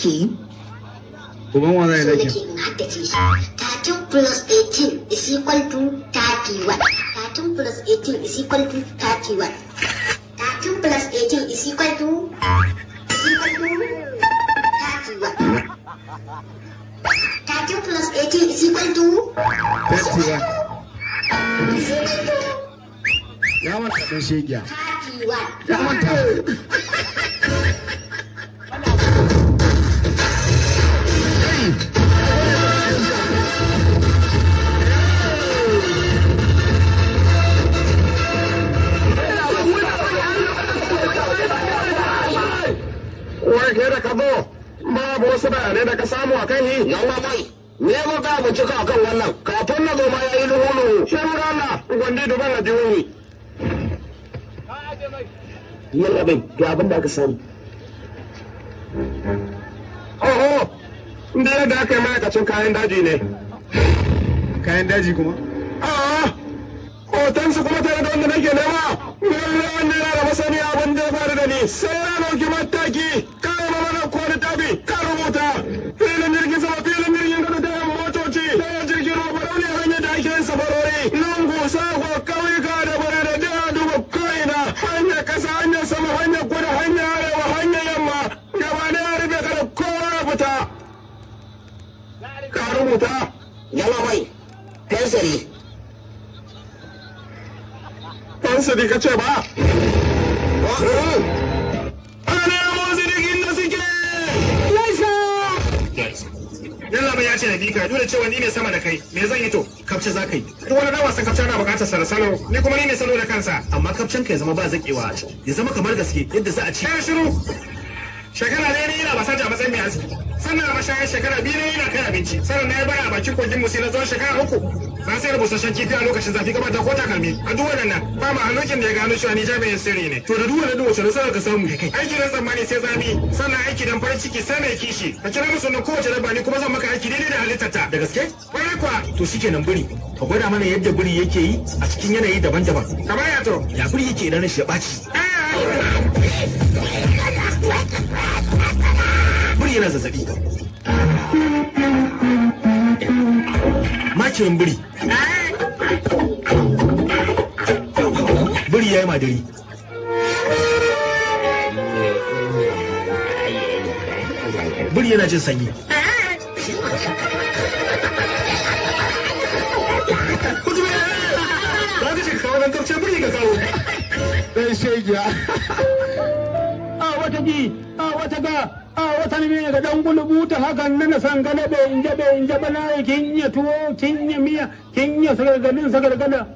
Okay. Uban wa zai dakin? Thirteen plus eighteen is equal to thirty-one. Thirteen plus eighteen is equal to thirty-one. plus eighteen is equal to is equal to thirty-one. plus eighteen is equal to thirty-one. Ya manta ɗan shegiya. Thirty-one. Ya manta. karbo babu wasu bayanai da ka samu a kai yan mamai me maka mu cika akan wannan kafin na zoma ya yi luhulu shin rana gwandi duban da jihohi yin abin to abin da aka samu oho inda yadda aka yi ma'aikacin kayan daji ne kayan daji kuma a'a hotonsu kuma tare da wanda nake nema ne wanda yana da masani abin da ya faru da ni sai na dauki mataki ka rubuta yala mai fensiri fensiri ka ce ba ya ce da bi ka dole cewa ni mai sama da kai me zan yi to kapce za ka yi duk wani dan wasan kapce na bukatar sa salo ni kuma ni mai salo da kansa amma kapcen ka ya zama ba zakewa ya zama kamar gaske yadda za a ci eh, shiru shekara ɗaya ne yana basa a matsayin mai aski sannan a mashayar shekara biyu ne yana kai abinci sannan na ya bara a bakin kogin musi na tsawon shekara uku na sayar busasshen kifi a lokacin zafi gaba ko takalmi a duk waɗannan ba ma halokin da ya gano cewa ni jami'in sirri ne to da duk waɗannan wace nasarar ka samu aiki na tsammani sai zami sannan aiki dan farin ciki sai mai kishi ka kira musu na kowace dabba ni kuma zan maka aiki daidai da halittarta da gaske kwarai kuwa to kenan biri ka gwada mana yadda biri yake yi a cikin yanayi daban-daban kamar ya to ya biri yake idan shi ya ɓaci eh, buri yana zazzabi maciyin buri buri ya yi madari buri yana jin sanyi Kudu ya! Za ka ce kawo nan tafce buri ka kawo. Ɗan shegiya. wata ji a wata ga a wata ne ga dan gulubu ta hakan na sanga na in jabe in jabe na kin ya tuwo kin ya miya kin ya sagargalin gana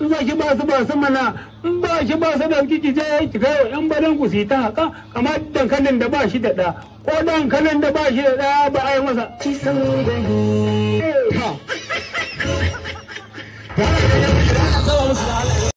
in ba shi ba su ba su mana in ba shi ba su da kiki je ki kai in ba dan ku si ta haka kamar dan kanin da ba shi da da ko dan kanin da ba shi da da ba ai masa ki eh.